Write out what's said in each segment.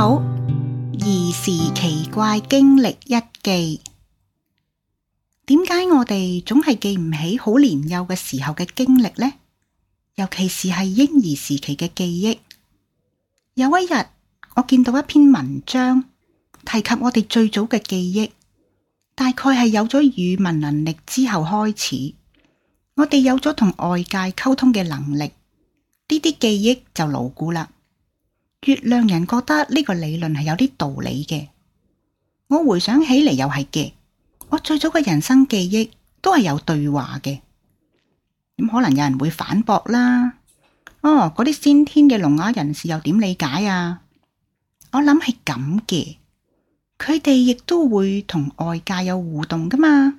好兒時奇怪經歷一記，點解我哋總係記唔起好年幼嘅時候嘅經歷呢？尤其是係嬰兒時期嘅記憶。有一日，我見到一篇文章提及我哋最早嘅記憶，大概係有咗語文能力之後開始，我哋有咗同外界溝通嘅能力，呢啲記憶就牢固啦。月亮人覺得呢個理論係有啲道理嘅，我回想起嚟又係嘅。我最早嘅人生記憶都係有對話嘅，咁可能有人會反駁啦。哦，嗰啲先天嘅聾啞人士又點理解啊？我諗係咁嘅，佢哋亦都會同外界有互動噶嘛。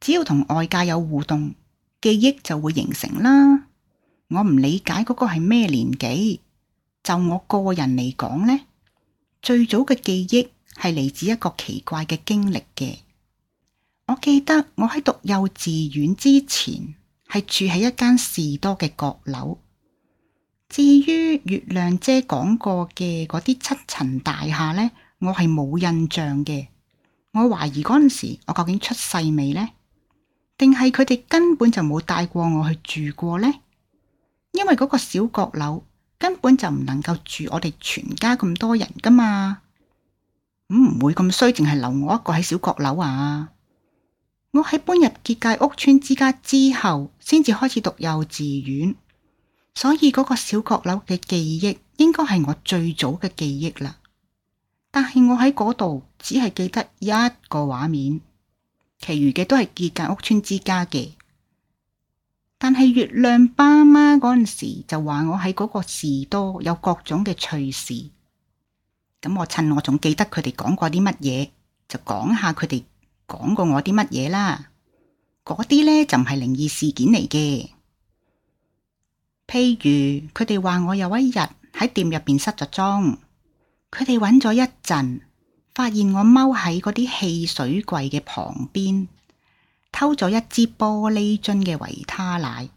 只要同外界有互動，記憶就會形成啦。我唔理解嗰個係咩年紀。就我個人嚟講呢，最早嘅記憶係嚟自一個奇怪嘅經歷嘅。我記得我喺讀幼稚園之前係住喺一間士多嘅閣樓。至於月亮姐講過嘅嗰啲七層大廈呢，我係冇印象嘅。我懷疑嗰陣時我究竟出世未呢？定係佢哋根本就冇帶過我去住過呢？因為嗰個小閣樓。根本就唔能夠住我哋全家咁多人噶嘛，唔、嗯、唔會咁衰，淨係留我一個喺小閣樓啊！我喺搬入結界屋村之家之後，先至開始讀幼稚園，所以嗰個小閣樓嘅記憶應該係我最早嘅記憶啦。但係我喺嗰度只係記得一個畫面，其餘嘅都係結界屋村之家嘅。但係月亮爸媽嗰陣時就話我喺嗰個士多有各種嘅趣事，咁我趁我仲記得佢哋講過啲乜嘢，就講下佢哋講過我啲乜嘢啦。嗰啲咧就唔係靈異事件嚟嘅，譬如佢哋話我有一日喺店入邊失咗蹤，佢哋揾咗一陣，發現我踎喺嗰啲汽水櫃嘅旁邊。偷咗一支玻璃樽嘅維他奶，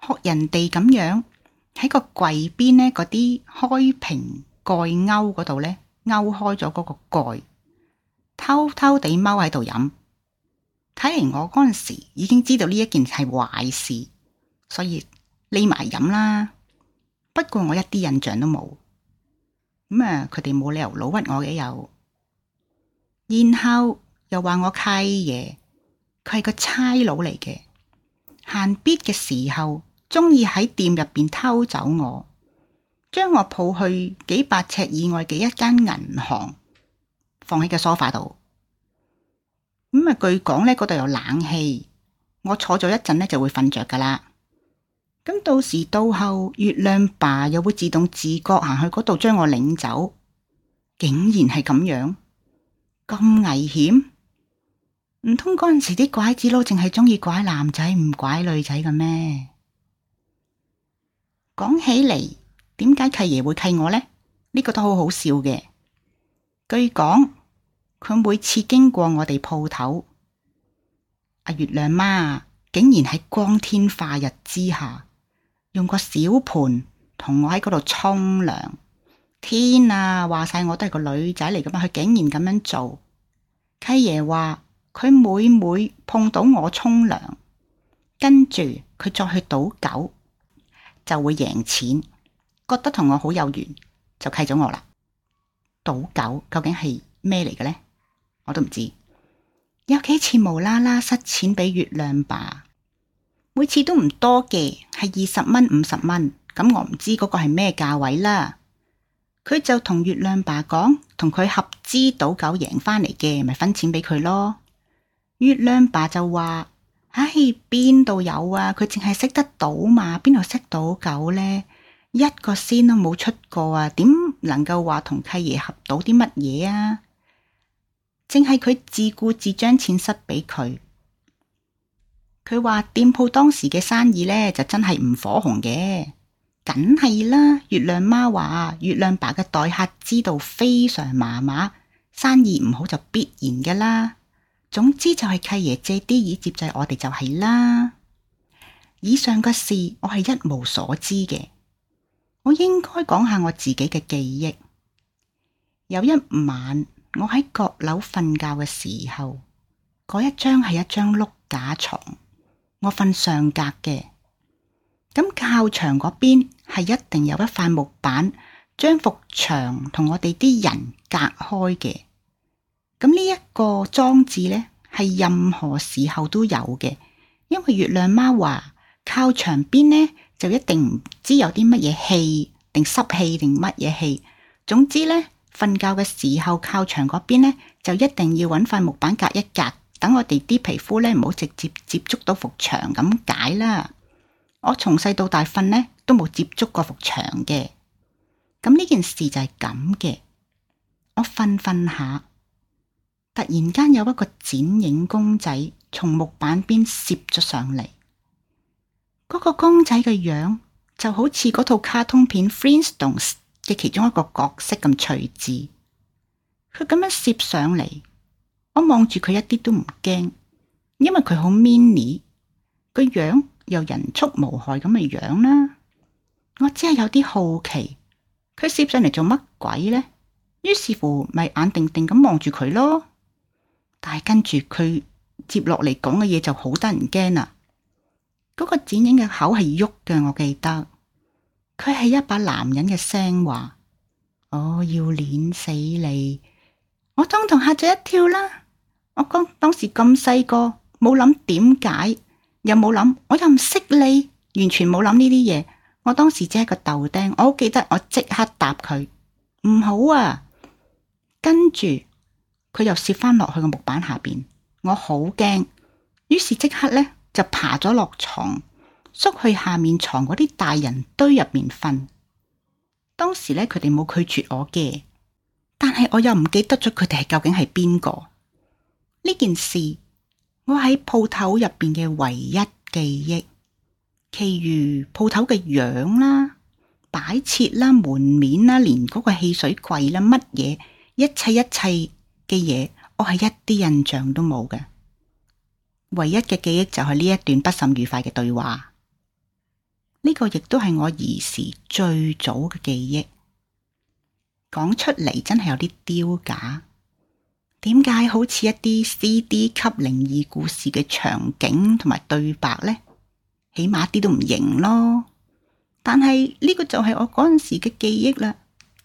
學人哋咁樣喺個櫃邊咧，嗰啲開瓶蓋勾嗰度咧，勾開咗嗰個蓋，偷偷地踎喺度飲。睇嚟，我嗰陣時已經知道呢一件係壞事，所以匿埋飲啦。不過我一啲印象都冇，咁啊，佢哋冇理由老屈我嘅又，然後又話我揩嘢。佢係個差佬嚟嘅，行咇嘅時候，中意喺店入邊偷走我，將我抱去幾百尺以外嘅一間銀行，放喺個梳化度。咁啊，據講咧，嗰度有冷氣，我坐咗一陣咧就會瞓着噶啦。咁到時到後，月亮爸又會自動自覺行去嗰度將我領走，竟然係咁樣，咁危險。唔通嗰陣時啲拐子佬淨係中意拐男仔，唔拐女仔嘅咩？講起嚟，點解契爺會契我呢？呢個都好好笑嘅。據講，佢每次經過我哋鋪頭，阿月亮媽竟然喺光天化日之下，用個小盆同我喺嗰度沖涼。天啊，話晒我都係個女仔嚟噶嘛，佢竟然咁樣做。契爺話。佢每每碰到我沖涼，跟住佢再去賭狗，就會贏錢，覺得同我好有緣，就契咗我啦。賭狗究竟係咩嚟嘅呢？我都唔知。有幾次無啦啦塞錢俾月亮爸，每次都唔多嘅，係二十蚊、五十蚊，咁我唔知嗰個係咩價位啦。佢就同月亮爸講，同佢合資賭狗贏翻嚟嘅，咪分錢俾佢咯。月亮爸就話：唉、哎，邊度有啊？佢淨係識得賭馬，邊度識賭狗呢？一個仙都冇出過啊，點能夠話同契爺合到啲乜嘢啊？淨係佢自顧自將錢塞畀佢。佢話店鋪當時嘅生意呢就真係唔火紅嘅，梗係啦。月亮媽話：月亮爸嘅待客之道非常麻麻，生意唔好就必然噶啦。總之就係契爺借啲以接濟我哋就係啦。以上嘅事我係一無所知嘅。我應該講下我自己嘅記憶。有一晚我喺閣樓瞓覺嘅時候，嗰一張係一張碌架床，我瞓上格嘅。咁靠牆嗰邊係一定有一塊木板，將幅牆同我哋啲人隔開嘅。咁呢一個裝置呢，係任何時候都有嘅，因為月亮媽話靠牆邊呢，就一定唔知有啲乜嘢氣，定濕氣，定乜嘢氣。總之呢，瞓覺嘅時候靠牆嗰邊呢，就一定要搵塊木板隔一隔，等我哋啲皮膚呢唔好直接接觸到幅牆咁解啦。我從細到大瞓呢，都冇接觸過幅牆嘅，咁呢件事就係咁嘅。我瞓瞓下。突然間有一個剪影公仔從木板邊攝咗上嚟，嗰個公仔嘅樣就好似嗰套卡通片《Flintstones》嘅其中一個角色咁趣致。佢咁樣攝上嚟，我望住佢一啲都唔驚，因為佢好 mini，個樣又人畜無害咁嘅樣啦。我只係有啲好奇，佢攝上嚟做乜鬼咧？於是乎，咪眼定定咁望住佢咯。但係跟住佢接落嚟講嘅嘢就好得人驚啦！嗰、那個剪影嘅口係喐嘅，我記得佢係一把男人嘅聲話：我、oh, 要碾死你！我當堂嚇咗一跳啦！我當當時咁細個，冇諗點解，又冇諗，我又唔識你，完全冇諗呢啲嘢。我當時只係個豆丁，我好記得，我即刻答佢唔好啊！跟住。佢又攝翻落去個木板下邊，我好驚，於是即刻咧就爬咗落床，縮去下面床嗰啲大人堆入面瞓。當時咧佢哋冇拒絕我嘅，但係我又唔記得咗佢哋係究竟係邊個。呢件事我喺鋪頭入邊嘅唯一記憶，其餘鋪頭嘅樣啦、擺設啦、門面啦、連嗰個汽水櫃啦乜嘢，一切一切嘅嘢，我係一啲印象都冇嘅。唯一嘅記憶就係呢一段不甚愉快嘅對話。呢個亦都係我兒時最早嘅記憶。講出嚟真係有啲丟架，點解好似一啲 CD 級靈異故事嘅場景同埋對白呢？起碼啲都唔型咯。但係呢個就係我嗰陣時嘅記憶啦，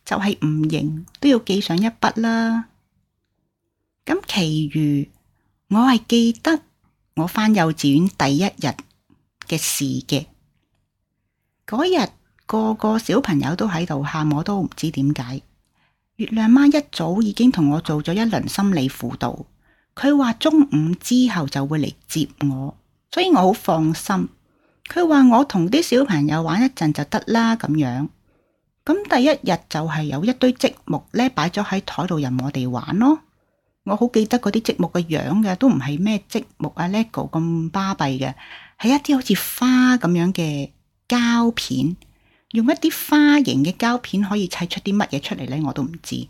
就係唔型都要記上一筆啦。咁，其餘我係記得我翻幼稚園第一日嘅事嘅。嗰日個個小朋友都喺度喊，我都唔知點解。月亮媽一早已經同我做咗一輪心理輔導，佢話中午之後就會嚟接我，所以我好放心。佢話我同啲小朋友玩一陣就得啦，咁樣，咁第一日就係有一堆積木咧，擺咗喺台度任我哋玩咯。我好記得嗰啲積木嘅樣嘅，都唔係咩積木啊，LEGO 咁巴閉嘅，係一啲好似花咁樣嘅膠片，用一啲花形嘅膠片可以砌出啲乜嘢出嚟呢？我都唔知，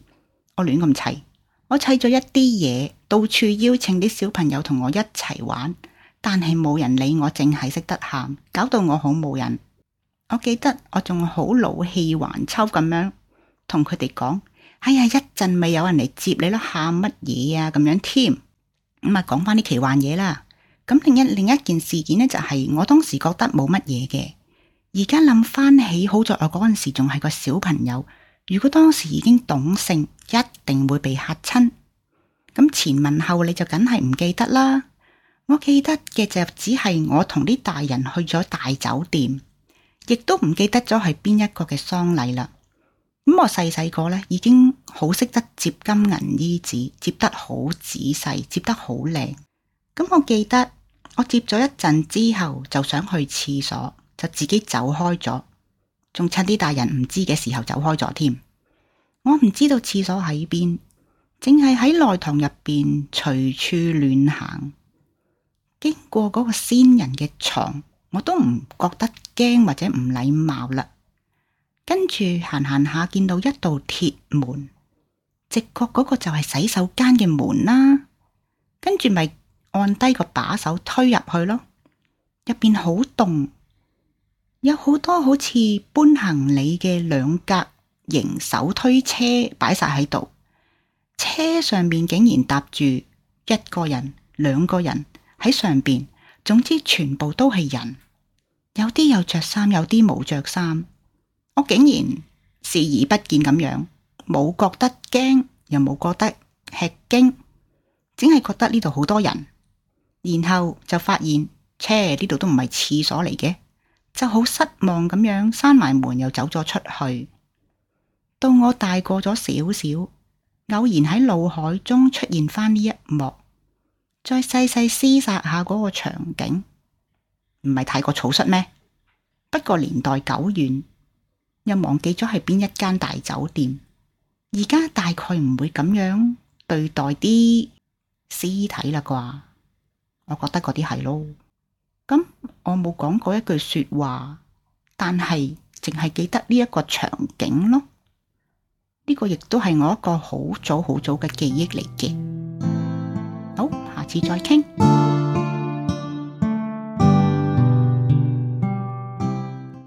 我亂咁砌，我砌咗一啲嘢，到處邀請啲小朋友同我一齊玩，但係冇人理我，淨係識得喊，搞到我好冇癮。我記得我仲好老氣橫秋咁樣同佢哋講。哎呀，一陣咪有人嚟接你咯，喊乜嘢啊咁樣添？咁啊，講翻啲奇幻嘢啦。咁另一另一件事件呢，就係我當時覺得冇乜嘢嘅，而家諗翻起，好在我嗰陣時仲係個小朋友。如果當時已經懂性，一定會被嚇親。咁前文後你就梗係唔記得啦。我記得嘅就只係我同啲大人去咗大酒店，亦都唔記得咗係邊一個嘅喪禮啦。咁我細細個咧，已經好識得接金銀衣紙，接得好仔細，接得好靚。咁我記得我接咗一陣之後，就想去廁所，就自己走開咗，仲趁啲大人唔知嘅時候走開咗添。我唔知道廁所喺邊，淨係喺內堂入邊隨處亂行，經過嗰個先人嘅床，我都唔覺得驚或者唔禮貌啦。跟住行行下，見到一道鐵門，直覺嗰個就係洗手間嘅門啦、啊。跟住咪按低個把手，推入去咯。入邊好凍，有好多好似搬行李嘅兩格型手推車擺晒喺度，車上面竟然搭住一個人，兩個人喺上邊，總之全部都係人，有啲有着衫，有啲冇着衫。我竟然視而不見咁樣，冇覺得驚，又冇覺得吃驚，只係覺得呢度好多人。然後就發現，車呢度都唔係廁所嚟嘅，就好失望咁樣閂埋門，又走咗出去。到我大過咗少少，偶然喺腦海中出現翻呢一幕，再細細思索下嗰個場景，唔係太過草率咩？不過年代久遠。又忘記咗係邊一間大酒店，而家大概唔會咁樣對待啲屍體啦啩，我覺得嗰啲係咯。咁、嗯、我冇講過一句說話，但係淨係記得呢一個場景咯。呢、呢個亦都係我一個好早好早嘅記憶嚟嘅。好，下次再傾。